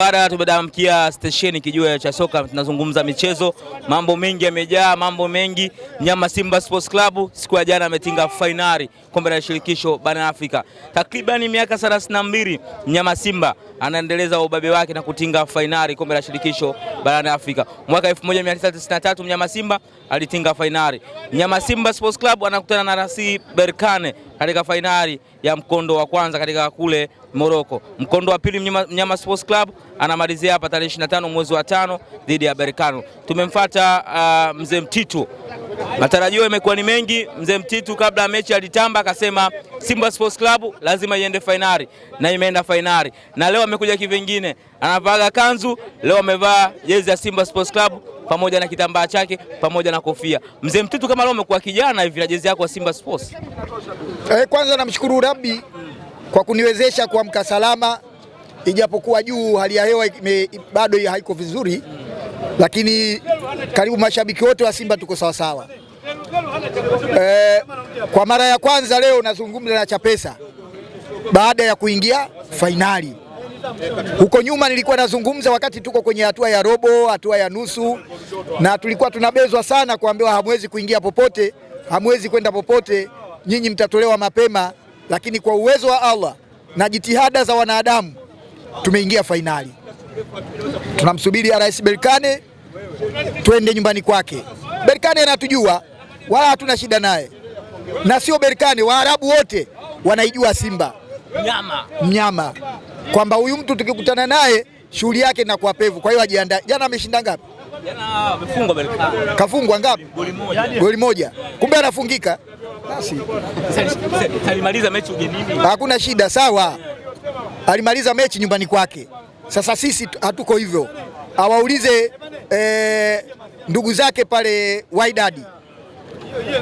Baada tumedamkia stesheni kijua cha soka, tunazungumza michezo, mambo mengi yamejaa, mambo mengi. Mnyama Simba Sports Club siku ya jana ametinga fainali kombe la shirikisho barani Afrika. Takriban miaka 32 Mnyama Simba anaendeleza ubabe wake na kutinga fainali kombe la shirikisho barani Afrika. Mwaka 1993 Mnyama Simba alitinga fainali. Mnyama Simba Sports Club anakutana na rasi Berkane katika fainali ya mkondo wa kwanza katika kule Moroko. Mkondo wa pili Mnyama Sports Club anamalizia hapa tarehe 25 mwezi wa tano dhidi ya Berkane. Tumemfuata uh, mzee Mtitu, matarajio yamekuwa ni mengi. Mzee Mtitu kabla ya mechi alitamba akasema Simba Sports Club lazima iende fainali na imeenda fainali, na leo amekuja kivingine, anavaa kanzu leo, amevaa jezi ya Simba Sports Club pamoja na kitambaa chake pamoja na kofia. Mzee Mtitu, kama leo umekuwa kijana hivi na jezi yako ya Simba Sports. Eh, kwanza namshukuru Rabbi kwa kuniwezesha kuamka salama ijapokuwa juu hali ya hewa bado haiko vizuri, lakini karibu mashabiki wote wa Simba tuko sawasawa. E, eh, kwa mara ya kwanza leo nazungumza na Chapesa baada ya kuingia fainali. Huko nyuma nilikuwa nazungumza wakati tuko kwenye hatua ya robo, hatua ya nusu, na tulikuwa tunabezwa sana kuambiwa hamwezi kuingia popote, hamwezi kwenda popote, nyinyi mtatolewa mapema, lakini kwa uwezo wa Allah na jitihada za wanadamu tumeingia fainali. Tunamsubiri Rais Berkane, twende nyumbani kwake. Berkane anatujua wala hatuna shida naye, na sio Berkane, Waarabu wote wanaijua Simba mnyama, mnyama. kwamba huyu mtu tukikutana naye shughuli yake inakuwa pevu. Kwa hiyo ajiandae. Jana ameshinda ngapi? Kafungwa ngapi? Goli moja, kumbe anafungika. Basi alimaliza mechi ugenini, hakuna shida, sawa alimaliza mechi nyumbani kwake. Sasa sisi hatuko hivyo, awaulize eh, ndugu zake pale Wydad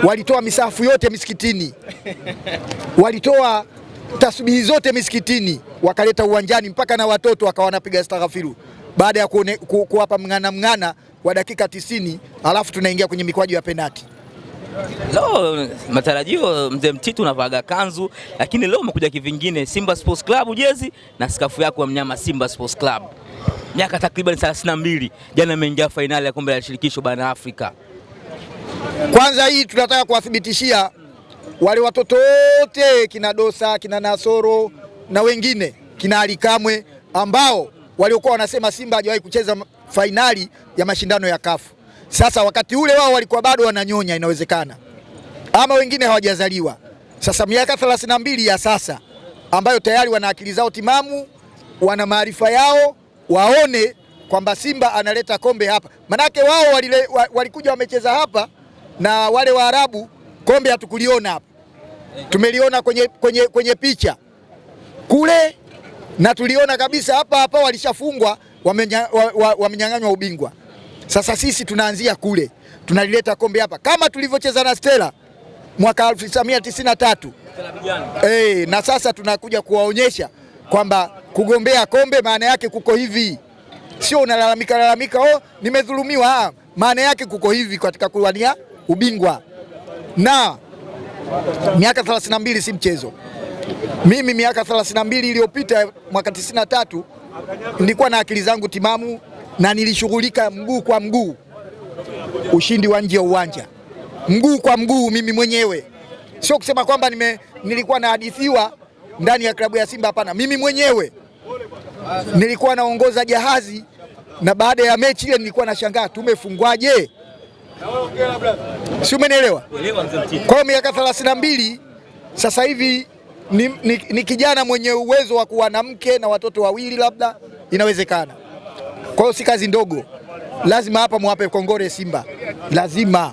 walitoa misafu yote misikitini, walitoa tasbihi zote misikitini, wakaleta uwanjani, mpaka na watoto wakawa wanapiga astaghfiru baada ya kuwapa mng'ana mng'ana wa dakika tisini, alafu tunaingia kwenye mikwaju ya penati. Leo matarajio mzee Mtitu unavaga kanzu, lakini leo umekuja kivingine, Simba Sports Club jezi na skafu yako ya mnyama Simba Sports Club. Miaka takriban 32 jana ameingia fainali ya kombe la shirikisho barani Afrika. Kwanza hii tunataka kuwathibitishia wale watoto wote kina Dosa kina Nasoro na wengine kina Alikamwe ambao waliokuwa wanasema Simba hajawahi kucheza fainali ya mashindano ya kafu sasa wakati ule wao walikuwa bado wananyonya, inawezekana ama wengine hawajazaliwa. Sasa miaka thelathini na mbili ya sasa ambayo tayari wana akili zao timamu, wana maarifa yao, waone kwamba Simba analeta kombe hapa, manake wao walikuja wamecheza hapa na wale Waarabu, kombe hatukuliona hapa, tumeliona kwenye, kwenye, kwenye picha kule, na tuliona kabisa hapa hapa walishafungwa, wamenyang'anywa ubingwa. Sasa sisi tunaanzia kule, tunalileta kombe hapa kama tulivyocheza na Stella mwaka 1993 hey, eh, na sasa tunakuja kuwaonyesha kwamba kugombea kombe maana yake kuko hivi, sio unalalamika lalamika, oh, nimedhulumiwa. Ah, maana yake kuko hivi katika kuwania ubingwa, na miaka 32 si mchezo. Mimi miaka 32 iliyopita, mwaka 93 nilikuwa na akili zangu timamu na nilishughulika mguu kwa mguu, ushindi wa nje ya uwanja, mguu kwa mguu, mimi mwenyewe. Sio kusema kwamba nime, nilikuwa nahadithiwa ndani ya klabu ya Simba, hapana. Mimi mwenyewe nilikuwa naongoza jahazi, na baada ya mechi ile nilikuwa nashangaa tumefungwaje, si umenielewa? Kwa hiyo miaka thelathini na mbili sasa hivi ni, ni, ni kijana mwenye uwezo wa kuwa na mke na watoto wawili, labda inawezekana. Kwa hiyo si kazi ndogo, lazima hapa muwape kongore Simba, lazima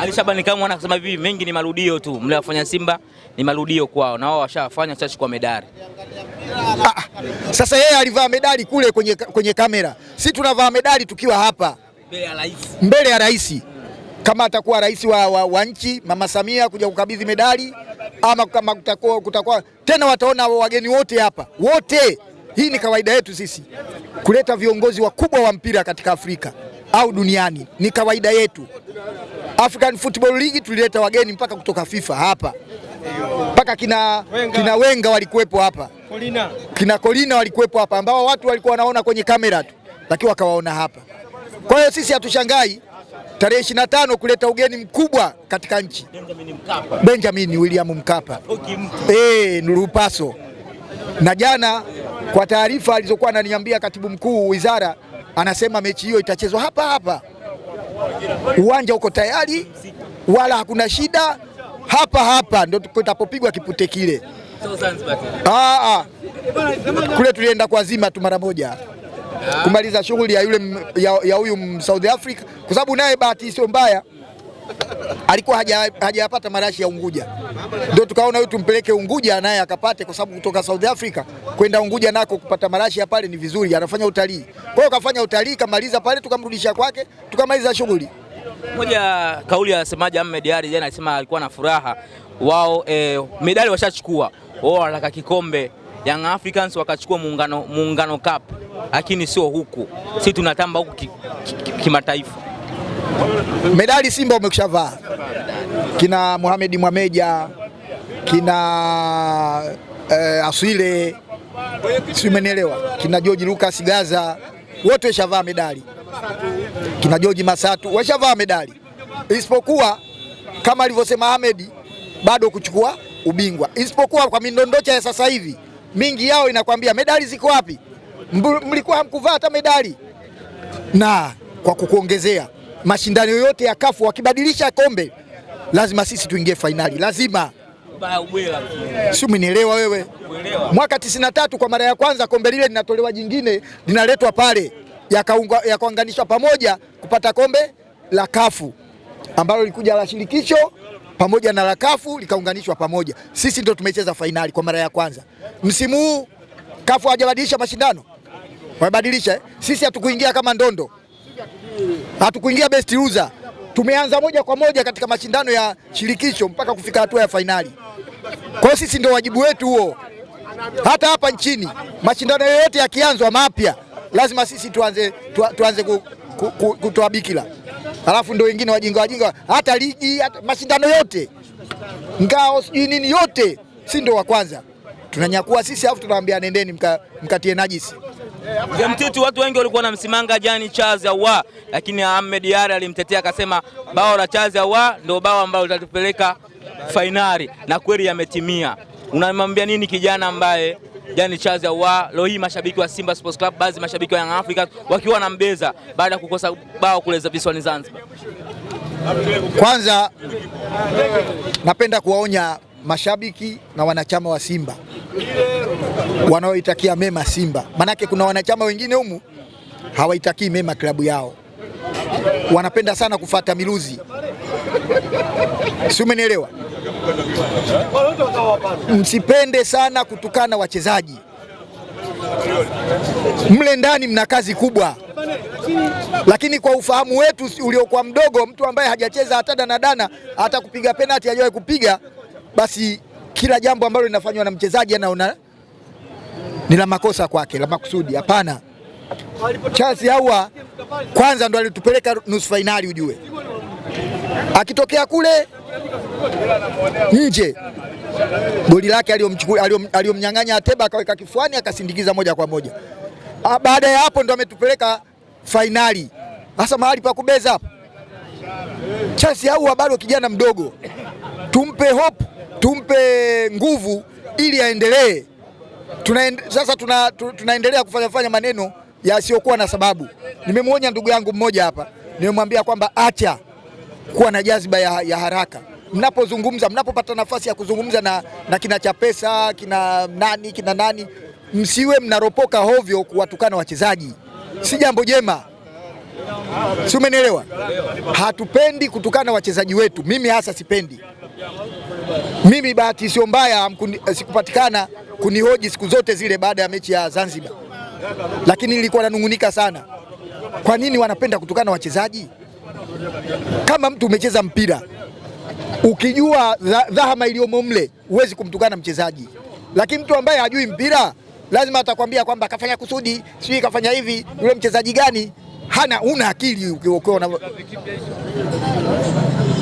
ali Shabani Kamwe anasema hivi, mengi ni marudio tu, mliwafanya Simba ni marudio kwao, na wao washafanya chachi kwa medali. Ah, ah, sasa yeye alivaa medali kule kwenye, kwenye kamera, si tunavaa medali tukiwa hapa mbele ya rais. Kama atakuwa rais wa, wa, wa nchi Mama Samia kuja kukabidhi medali ama kama kutakuwa, kutakuwa tena, wataona wageni wote hapa wote hii ni kawaida yetu sisi kuleta viongozi wakubwa wa mpira katika Afrika au duniani, ni kawaida yetu. African Football League tulileta wageni mpaka kutoka FIFA hapa, mpaka kina Wenga, kina Wenga walikuwepo hapa Kolina, kina Kolina walikuwepo hapa, ambao watu walikuwa wanaona kwenye kamera tu, lakini wakawaona hapa. Kwa hiyo sisi hatushangai tarehe 25 kuleta ugeni mkubwa katika nchi Benjamin Mkapa, Benjamin William Mkapa, eh Nurupaso na jana kwa taarifa alizokuwa ananiambia katibu mkuu wizara, anasema mechi hiyo itachezwa hapa hapa, uwanja uko tayari, wala hakuna shida, hapa hapa ndio tutapopigwa kipute kile. Aa, ah, ah. kule tulienda kwa zima tu mara moja kumaliza shughuli ya yule ya huyu South Africa, kwa sababu naye bahati sio mbaya alikuwa hajayapata marashi ya Unguja, ndio tukaona huyu tumpeleke Unguja naye akapate, kwa sababu kutoka South Africa kwenda Unguja nako kupata marashi ya pale ni vizuri, anafanya utalii. Kwa hiyo kafanya utalii, kamaliza pale, tukamrudisha kwake, tukamaliza shughuli moja. Kauli ya semaji Ahmed Ally jana alisema alikuwa na furaha wao, eh, medali washachukua wao, wanataka kikombe Young Africans wakachukua muungano, muungano cup, lakini sio huku, si tunatamba huku kimataifa ki, ki, ki medali Simba umekushavaa, kina Mohamed Mwameja, kina eh, Aswile, si umenielewa, kina George Lucas Gaza, wote washavaa medali, kina George Masatu washavaa medali, isipokuwa kama alivyosema Ahmed bado kuchukua ubingwa, isipokuwa kwa mindondocha ya sasa hivi mingi yao inakwambia medali ziko wapi, mlikuwa hamkuvaa hata medali. Na kwa kukuongezea mashindano yote ya kafu wakibadilisha kombe lazima sisi tuingie fainali, lazima si umenielewa wewe? Mwaka tatu kwa mara ya kwanza kombe lile linatolewa, jingine linaletwa pale, yakaunganishwa ya pamoja kupata kombe la kafu ambalo lilikuja la shirikisho pamoja na la kafu likaunganishwa pamoja. Sisi ndio tumecheza fainali kwa mara ya kwanza. Msimu huu kafu hajabadilisha mashindano, wamebadilisha. Eh? Sisi hatukuingia kama ndondo hatukuingia best loser, tumeanza moja kwa moja katika mashindano ya shirikisho mpaka kufika hatua ya fainali. Kwa hiyo sisi ndio wajibu wetu huo. Hata hapa nchini mashindano yoyote yakianzwa mapya lazima sisi tuanze, tuanze kutoa bikila, alafu ndio wengine wajinga wajinga, hata ligi hata mashindano yote ngao sijui nini yote, si ndio wa kwanza tunanyakua sisi, alafu tunawaambia nendeni mkatie mka najisi vya mtiti. Watu wengi walikuwa na msimanga Jani Charles Ahoua, lakini Ahmed Yari alimtetea akasema bao la Charles Ahoua ndio bao ambalo litatupeleka fainali, na kweli yametimia. Unamwambia nini kijana ambaye Jani Charles Ahoua leo hii mashabiki wa Simba Sports Club, baadhi mashabiki wa Young Africa wakiwa wanambeza baada ya kukosa bao kule visiwani Zanzibar? Kwanza napenda kuwaonya mashabiki na wanachama wa Simba wanaoitakia mema Simba, manake kuna wanachama wengine humu hawaitakii mema klabu yao, wanapenda sana kufata miluzi, si umenielewa? Msipende sana kutukana wachezaji, mle ndani mna kazi kubwa, lakini kwa ufahamu wetu uliokuwa mdogo, mtu ambaye hajacheza hata danadana hata kupiga penati hajawahi kupiga basi kila jambo ambalo linafanywa na mchezaji anaona ni la makosa kwake, la makusudi. Hapana, Chazi hawa kwanza ndo alitupeleka nusu fainali, ujue akitokea kule nje goli lake aliyomnyang'anya Ateba akaweka kifuani akasindikiza moja kwa moja. Baada ya hapo ndo ametupeleka fainali, hasa mahali pa kubeza. Chelsea hawa bado kijana mdogo, tumpe hope tumpe nguvu ili aendelee. sasa tuna, tunaendelea kufanya fanya maneno yasiyokuwa na sababu. Nimemwonya ndugu yangu mmoja hapa, nimemwambia kwamba acha kuwa na jaziba ya, ya haraka mnapozungumza mnapopata nafasi ya kuzungumza na, na kina Chapesa kina nani kina nani, msiwe mnaropoka hovyo kuwatukana wachezaji, si jambo jema, si umenielewa? Hatupendi kutukana wachezaji wetu, mimi hasa sipendi. Mimi bahati sio mbaya eh, sikupatikana kunihoji siku zote zile baada ya mechi ya Zanzibar, lakini nilikuwa nanungunika sana. Kwa nini wanapenda kutukana wachezaji? Kama mtu umecheza mpira ukijua dhahama iliyomo mle, huwezi kumtukana mchezaji, lakini mtu ambaye hajui mpira lazima atakwambia kwamba kafanya kusudi, sijui kafanya hivi, yule mchezaji gani? Hana, una akili ukiwa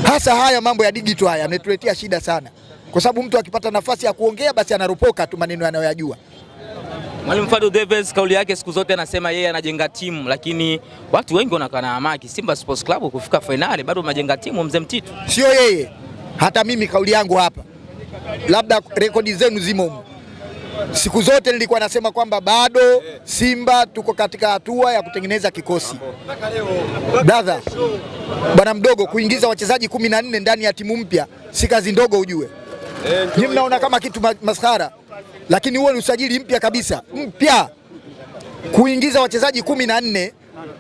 hasa haya mambo ya digital haya yametuletea shida sana, kwa sababu mtu akipata nafasi ya kuongea basi anaropoka tu maneno anayoyajua. Mwalimu Fadu Davis kauli yake siku zote anasema yeye anajenga timu, lakini watu wengi na hamaki. Simba Sports Club kufika fainali bado unajenga timu, mzee Mtitu. Sio yeye, hata mimi kauli yangu hapa, labda rekodi zenu zimo siku zote nilikuwa nasema kwamba bado Simba tuko katika hatua ya kutengeneza kikosi, brother bwana mdogo, kuingiza wachezaji kumi na nne ndani ya timu mpya si kazi ndogo, ujue. Nyinyi mnaona kama kitu maskhara, lakini huo ni usajili mpya kabisa, mpya. Kuingiza wachezaji kumi na nne,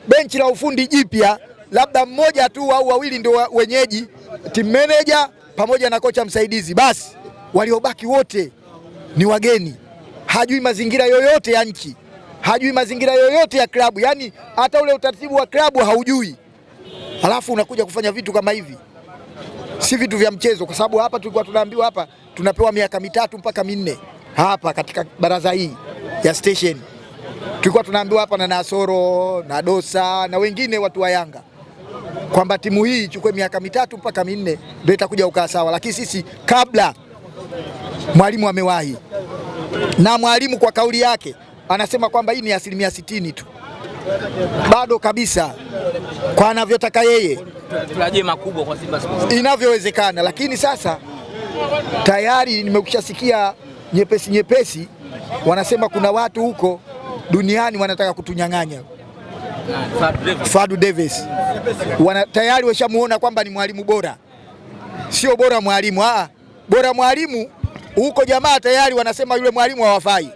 benchi la ufundi jipya, labda mmoja tu au wawili ndio wenyeji, team manager pamoja na kocha msaidizi, basi waliobaki wote ni wageni. Hajui mazingira yoyote ya nchi, hajui mazingira yoyote ya klabu, yani hata ule utaratibu wa klabu haujui halafu unakuja kufanya vitu kama hivi, si vitu vya mchezo, kwa sababu hapa tulikuwa tunaambiwa hapa tunapewa miaka mitatu mpaka minne hapa katika baraza hii ya station tulikuwa tunaambiwa hapa na Nasoro na Dosa na wengine watu wa Yanga kwamba timu hii ichukue miaka mitatu mpaka minne ndio itakuja ukaa sawa, lakini sisi kabla, mwalimu amewahi na mwalimu kwa kauli yake anasema kwamba hii ni asilimia sitini tu bado kabisa, kwa anavyotaka yeye, makubwa kwa Simba Sports inavyowezekana. Lakini sasa tayari nimekushasikia nyepesi nyepesi, wanasema kuna watu huko duniani wanataka kutunyang'anya Fadu Davis. Wana tayari washamuona kwamba ni mwalimu bora, sio bora mwalimu, aa ah, bora mwalimu huko. Jamaa tayari wanasema yule mwalimu hawafai,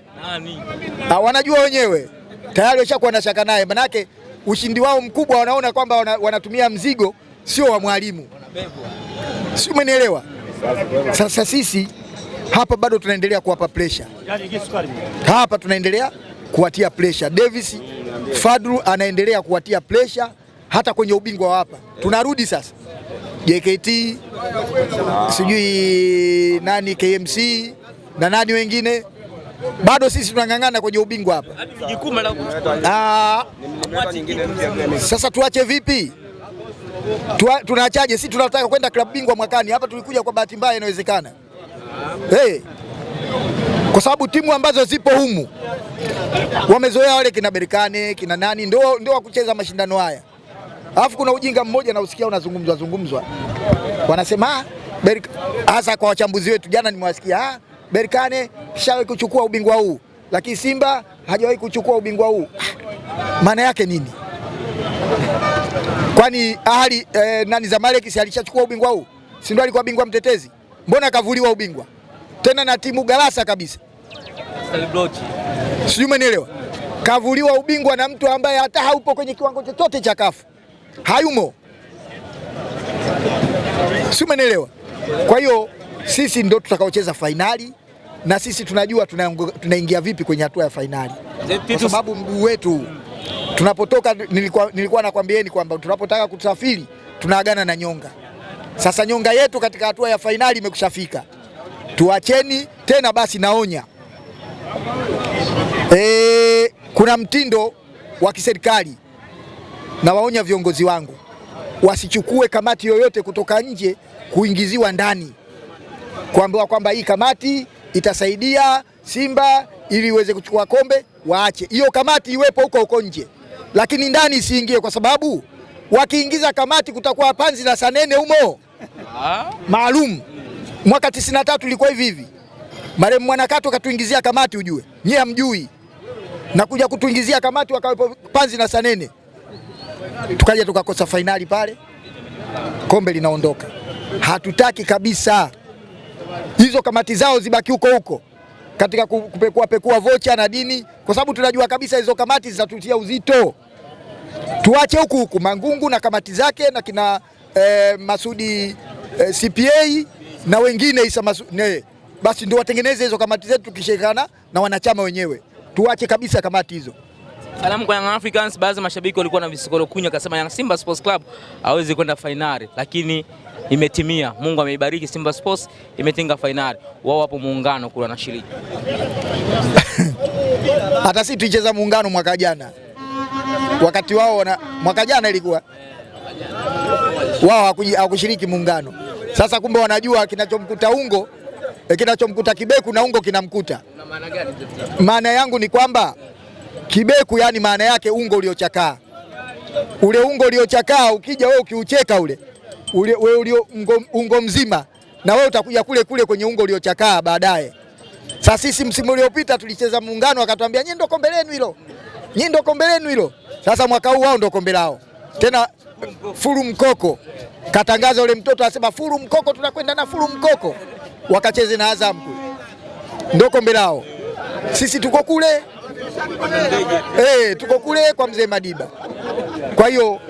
ah, wanajua wenyewe tayari washakuwa na shaka naye, manake ushindi wao mkubwa wanaona kwamba wanatumia mzigo sio wa mwalimu, si umenielewa? Sasa sisi hapa bado tunaendelea kuwapa pressure yaani hapa, tunaendelea kuwatia pressure. Davis fadru anaendelea kuwatia pressure hata kwenye ubingwa wa hapa. Tunarudi sasa JKT, sijui nani KMC na nani wengine bado sisi tunang'ang'ana kwenye ubingwa hapa. Ah. sasa tuache vipi? Tua, tunaachaje? Sisi tunataka kwenda klabu bingwa mwakani. Hapa tulikuja kwa bahati mbaya, inawezekana hey. Kwa sababu timu ambazo zipo humu wamezoea wale kina Berkane kina nani ndio, ndio wa kucheza mashindano haya, alafu kuna ujinga mmoja na usikia unazungumzwa zungumzwa, wanasema ah, hasa kwa wachambuzi wetu, jana nimewasikia ah, Berkane shawahi kuchukua ubingwa huu, lakini Simba hajawahi kuchukua ubingwa huu. Maana yake nini? Kwani ahali eh, nani Zamalek si alishachukua ubingwa huu? Si ndio alikuwa bingwa mtetezi? Mbona kavuliwa ubingwa tena na timu galasa kabisa? Sijui umenielewa. Kavuliwa ubingwa na mtu ambaye hata haupo kwenye kiwango chochote cha kafu, hayumo. Sijui umenielewa. Kwa hiyo sisi ndio tutakaocheza fainali na sisi tunajua tunaingia vipi kwenye hatua ya fainali, eh, kwa sababu mguu wetu tunapotoka, nilikuwa, nilikuwa nakwambieni kwamba tunapotaka kusafiri tunaagana na nyonga. Sasa nyonga yetu katika hatua ya fainali imekushafika, tuacheni tena basi. Naonya e, kuna mtindo wa kiserikali, nawaonya viongozi wangu wasichukue kamati yoyote kutoka nje kuingiziwa ndani kuambiwa kwamba hii kamati itasaidia Simba ili iweze kuchukua kombe, waache hiyo kamati iwepo huko huko nje, lakini ndani isiingie, kwa sababu wakiingiza kamati kutakuwa panzi na sanene humo ah. maalum. Mwaka 93 ilikuwa hivi hivi, marehemu Mwanakato katuingizia kamati, ujue nyie hamjui, na kuja kutuingizia kamati wakawepo panzi na sanene, tukaja tukakosa fainali pale, kombe linaondoka. Hatutaki kabisa hizo kamati zao zibaki huko huko katika kupekua pekua vocha na dini, kwa sababu tunajua kabisa hizo kamati zitatutia uzito. Tuache huku huku Mangungu na kamati zake na kina eh, Masudi eh, CPA na wengine Isa Masudi, basi ndio watengeneze hizo kamati zetu, tukishirikana na wanachama wenyewe, tuache kabisa kamati hizo. Salamu kwa Young Africans, baadhi ya mashabiki walikuwa na visikolo kunywa, akasema Young Simba Sports Club hawezi kwenda fainali, lakini imetimia. Mungu ameibariki Simba Sports imetinga fainali, wao wapo muungano kule wanashiriki. Hata sisi tulicheza muungano mwaka jana, wakati wao wana... mwaka jana ilikuwa wao hawakushiriki muungano. Sasa kumbe wanajua kinachomkuta ungo eh, kinachomkuta Kibeku na ungo kinamkuta. Maana yangu ni kwamba Kibeku, yani maana yake ungo uliochakaa, ule ungo uliochakaa ukija wewe ukiucheka ule wewe ulio ungo, ungo mzima na wewe utakuja kule kule kwenye ungo uliochakaa baadaye. Sasa sisi msimu uliopita tulicheza Muungano, akatwambia nyinyi ndo kombe lenu hilo, nyinyi ndo kombe lenu hilo. Sasa mwaka huu wao ndo kombe lao tena, furu mkoko katangaza ule mtoto asema furu mkoko, tunakwenda na furu mkoko, wakacheze na Azam kule, ndo kombe lao. Sisi tuko kule eh, tuko kule kwa mzee Madiba, kwa hiyo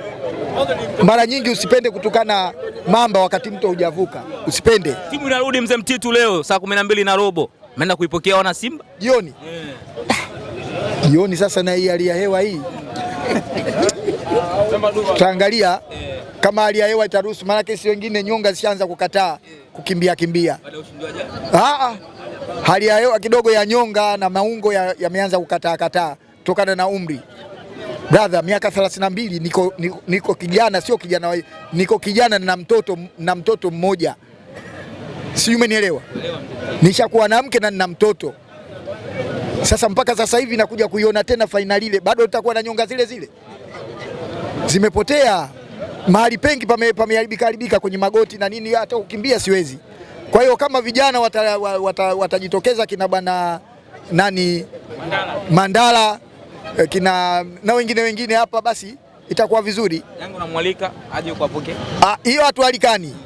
mara nyingi usipende kutukana mamba wakati mto hujavuka, usipende. Timu inarudi mzee Mtitu leo saa kumi na mbili na robo menda kuipokea wana Simba jioni yeah. Jioni sasa, na hii hali ya hewa hii tutaangalia kama hali ya hewa itaruhusu, maana si wengine nyonga zishaanza kukataa kukimbia kimbia. Ah, ah, hali ya hewa kidogo ya nyonga na maungo yameanza ya kukataa kataa kutokana na umri. Brother, miaka 32 niko, niko, niko kijana, sio kijana, niko kijana na mtoto, na mtoto mmoja, si umenielewa? Nishakuwa na mke na nina mtoto sasa. Mpaka sasa hivi nakuja kuiona tena fainali ile, bado tutakuwa na nyonga zile zile, zimepotea mahali pengi, pameharibika haribika kwenye magoti na nini, hata kukimbia siwezi. Kwa hiyo kama vijana watajitokeza wata, wata, wata kina bwana nani Mandala, Mandala Eh, kina na wengine wengine hapa, basi itakuwa vizuri. Yangu namwalika aje ukapokee. Ah, hiyo hatualikani.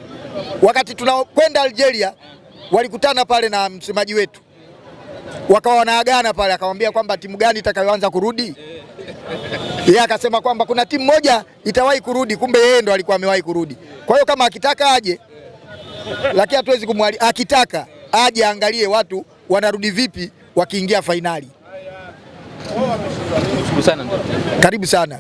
Wakati tunakwenda Algeria walikutana pale na msemaji wetu wakawa wanaagana pale, akamwambia kwamba timu gani itakayoanza kurudi. Yeye akasema kwamba kuna timu moja itawahi kurudi, kumbe yeye ndo alikuwa amewahi kurudi. Kwa hiyo kama akitaka aje, lakini hatuwezi kumwali, akitaka aje aangalie watu wanarudi vipi wakiingia fainali. Karibu sana.